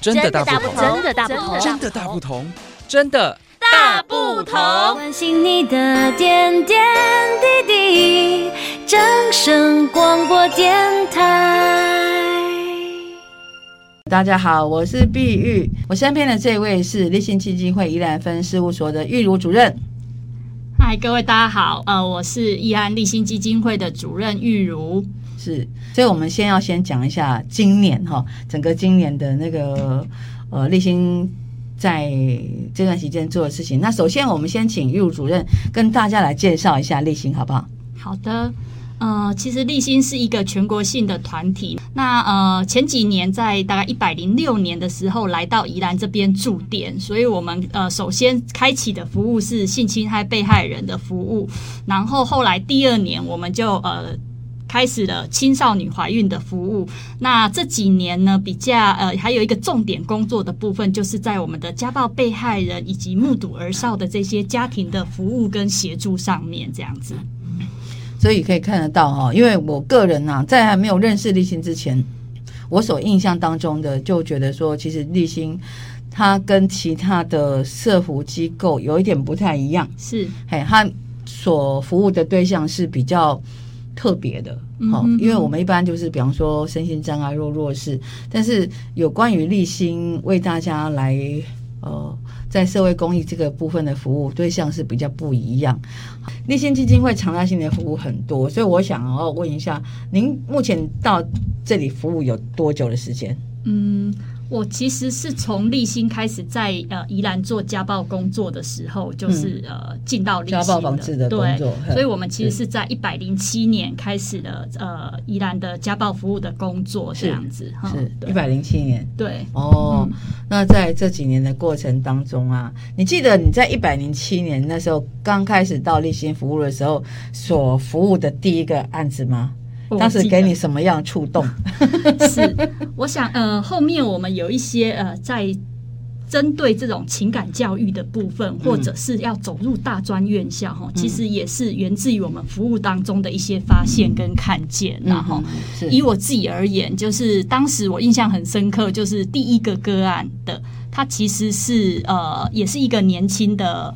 真的大不同，真的大不同，真的大不同，真的大不同。關心你的點點滴滴，掌聲廣播電台。大家好，我是碧玉，我身邊的這位是勵馨基金會宜蘭分事務所的玉如主任。嗨，各位大家好，呃，我是宜蘭勵馨基金會的主任玉如是。所以，我們先要先講一下今年哈，整個今年的那個呃勵馨，在這段時間做的事情。那首先，我們先請玉主任跟大家來介紹一下勵馨，好不好？好的，呃，其實勵馨是一個全國性的團體。那呃，前幾年在大概一百零六年的時候來到宜蘭這邊駐點，所以我們呃首先開啟的服務是性侵害被害人的服務，然後後來第二年我們就呃。開始了青少女懷孕的服務。那這幾年呢，比較呃，還有一個重點工作的部分，就是在我們的家暴被害人以及目睹兒少的這些家庭的服務跟協助上面，這樣子。所以可以看得到哈，因為我個人呢、啊，在還沒有認識勵馨之前，我所印象當中的就覺得說，其實勵馨他跟其他的社福機構有一點不太一樣，是嘿，他所服務的對象是比較。特別的，好，因為我們一般就是比方說身心障礙弱弱勢，但是有關於勵馨為大家來，呃，在社會公益這個部分的服務對象是比較不一樣。勵馨基金會常態性的服務很多，所以我想要問一下，您目前到這裡服務有多久的時間？嗯。我其實是從勵馨開始在呃宜蘭做家暴工作的時候，就是呃進到勵馨的工作，所以，我們其實是在一百零七年開始了呃宜蘭的家暴服務的工作這樣子哈、嗯嗯，是一百零七年對，對哦。那在這幾年的過程當中啊，你記得你在一百零七年那時候剛開始到勵馨服務的時候，所服務的第一個案子嗎？當時給你什麼樣觸動？ 是，我想，呃，後面我們有一些呃，在針對這種情感教育的部分，或者是要走入大專院校哈、嗯，其實也是源自於我們服務當中的一些發現跟看見，嗯、然後是以我自己而言，就是當時我印象很深刻，就是第一個個，個案的，他其實是呃，也是一個年輕的。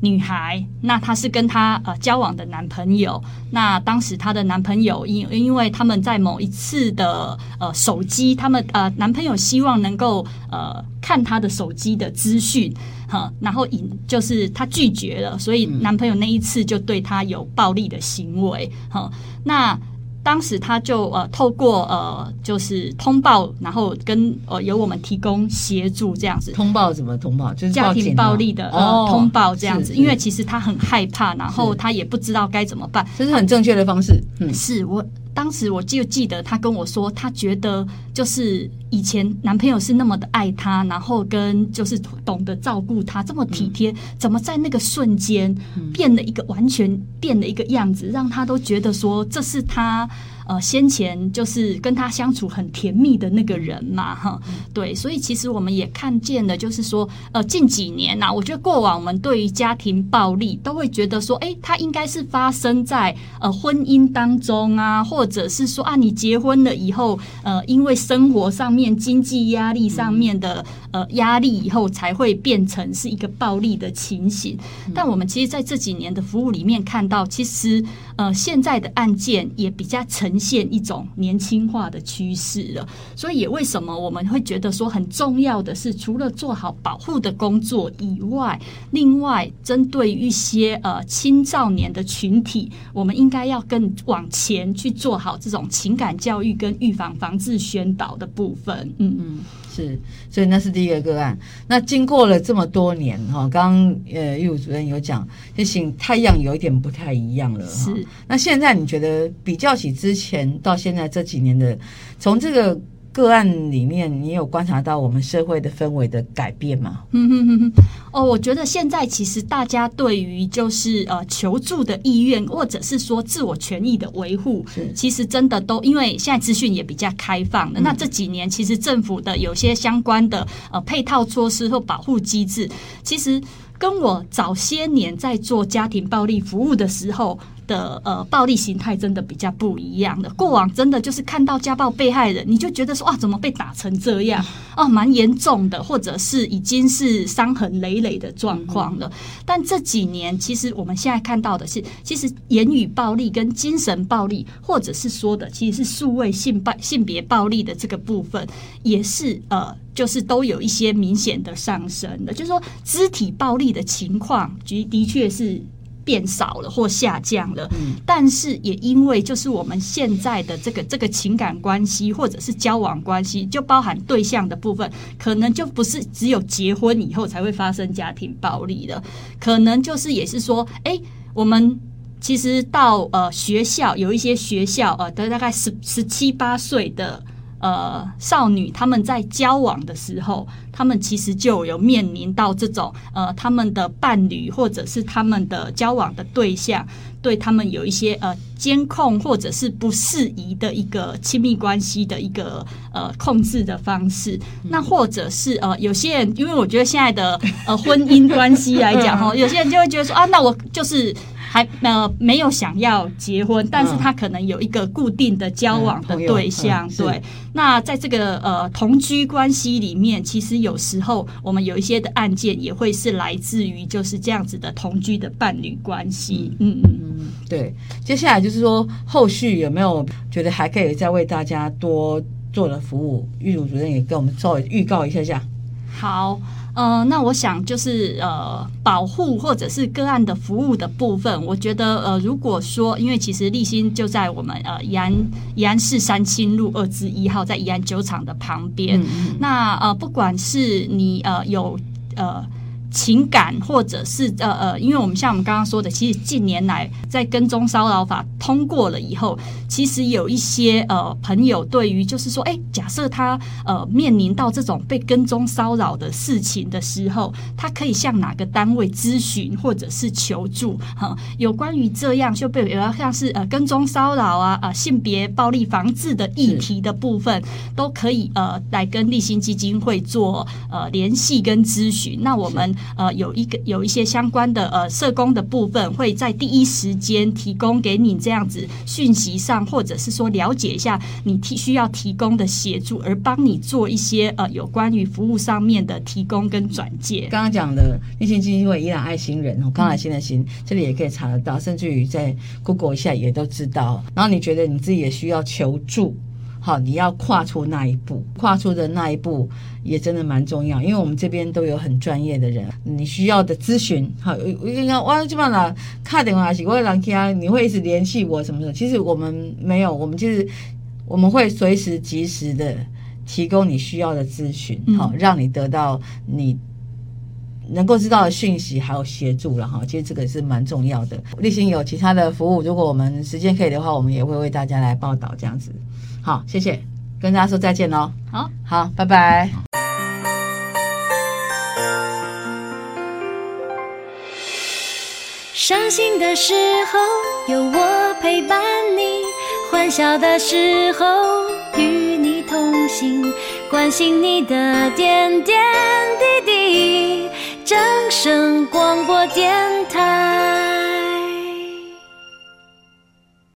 女孩，那她是跟她呃交往的男朋友，那當時她的男朋友因因為他們在某一次的呃手機，他們呃男朋友希望能夠呃看她的手機的資訊，哈，然後以就是她拒絕了，所以男朋友那一次就對她有暴力的行為，哈，那。當時他就呃透過呃就是通報，然後跟呃由我們提供協助這樣子。通報怎麼通報？就是家庭暴力的、哦呃、通報這樣子，因為其實他很害怕，然後他也不知道該怎麼辦。這是很正確的方式。嗯，是，我。當時我就記得他跟我說，他覺得就是以前男朋友是那麼的愛他，然後跟就是懂得照顧他，這麼體貼，嗯、怎麼在那個瞬間變了一個，完全變了一個樣子，嗯、讓他都覺得說這是他。呃，先前就是跟他相處很甜蜜的那個人嘛，哈、嗯，對，所以其實我們也看見了，就是說，呃，近幾年吶、啊，我覺得過往我們對於家庭暴力都會覺得說，誒，它應該是發生在呃婚姻當中啊，或者是說啊，你結婚了以後，呃，因為生活上面經濟壓力上面的、嗯、呃壓力以後才會變成是一個暴力的情形、嗯。但我們其實在這幾年的服務裡面看到，其實。呃，現在的案件也比較呈現一種年輕化的趨勢了，所以也為什麼我們會覺得說很重要的是，除了做好保護的工作以外，另外針對一些呃青少年的群體，我們應該要更往前去做好這種情感教育跟預防防治宣導的部分。嗯嗯。是，所以那是第一個個案。那經過了這麼多年，哈、哦，剛剛呃，玉如主任有講，提醒太陽有一點不太一樣了。哦。是。那現在你覺得比較起之前到現在這幾年的，從這個。個案裡面，你有觀察到我們社會的氛圍的改變嗎？嗯、哼哼哦，我覺得現在其實大家對於就是呃求助的意願，或者是說自我權益的維護，其實真的都因為現在資訊也比較開放了、嗯。那這幾年其實政府的有些相關的呃配套措施或保護機制，其實。跟我早些年在做家庭暴力服務的時候的呃，暴力形態真的比較不一樣的。過往真的就是看到家暴被害人，你就覺得說哇，怎麼被打成這樣？哦，蠻嚴重的，或者是已經是傷痕累累的狀況了。嗯嗯。但這幾年，其實我們現在看到的是，其實言語暴力跟精神暴力，或者是說的其實是數位性、性別暴力的這個部分，也是呃。就是都有一些明顯的上升的。就是說，肢體暴力的情況，的確是變少了或下降了。嗯，但是也因為就是我們現在的這個這個情感關係或者是交往關係，就包含對象的部分，可能就不是只有結婚以後才會發生家庭暴力的。可能就是也是說，哎、欸，我們其實到呃學校有一些學校啊，都、呃、大概十十七八歲的。呃，少女她們在交往的時候，她們其實就有面臨到這種呃，她們的伴侶或者是她們的交往的對象，對她們有一些呃監控或者是不適宜的一個親密關係的一個呃控制的方式。嗯、那或者是呃，有些人因為我覺得現在的呃婚姻關係來講哈， 有些人就會覺得說啊，那我就是。還呃沒有想要結婚，但是他可能有一個固定的交往的對象。嗯嗯、對，那在這個呃同居關係裡面，其實有時候我們有一些的案件也會是來自於就是這樣子的同居的伴侶關係。嗯嗯嗯，對。接下來就是說後續有沒有覺得還可以再為大家多做的服務？玉如主任也給我們稍微預告一下，下，這好，呃，那我想就是呃，保護或者是個案的服務的部分，我覺得呃，如果說，因為其實勵馨就在我們呃宜蘭宜蘭市三清路二之一號，在宜蘭酒廠的旁邊，嗯嗯嗯，那呃，不管是你呃有呃。有呃情感或者是呃呃，因為我們像我們剛剛說的，其實近年來在跟蹤騷擾法通過了以後，其實有一些呃朋友對於就是說，哎，假設他呃面臨到這種被跟蹤騷擾的事情的時候，他可以向哪個單位諮詢或者是求助？哈、呃，有關於這樣就被呃像是呃跟蹤騷擾啊呃性別暴力防治的議題的部分，都可以呃來跟勵馨基金會做呃聯繫跟諮詢。那我們。呃，有一個有一些相關的呃社工的部分，會在第一時間提供給你這樣子訊息上，或者是說了解一下你提需要提供的協助，而幫你做一些呃有關於服務上面的提供跟轉介。剛剛講的那些勵馨基金會、宜蘭愛心人、康乃馨的馨這裡也可以查得到，甚至於在 Google 一下也都知道。然後你覺得你自己也需要求助？好，你要跨出那一步，跨出的那一步也真的蠻重要，因為我們這邊都有很專業的人，你需要的諮詢，好，我你剛我這邊啦，卡電話是，我兩聽，你會一直聯繫我什麼的什麼？其實我們沒有，我們就是我們會隨時、及時的提供你需要的諮詢，嗯、好，讓你得到你。能夠知道的訊息，還有協助，然後，其實這個是蠻重要的。勵馨有其他的服務，如果我們時間可以的話，我們也會為大家來報道這樣子。好，謝謝，跟大家說再見哦。好，好，拜拜。傷心的時候有我陪伴你，歡笑的時候與你同行，關心你的點點滴滴。人生廣播電台。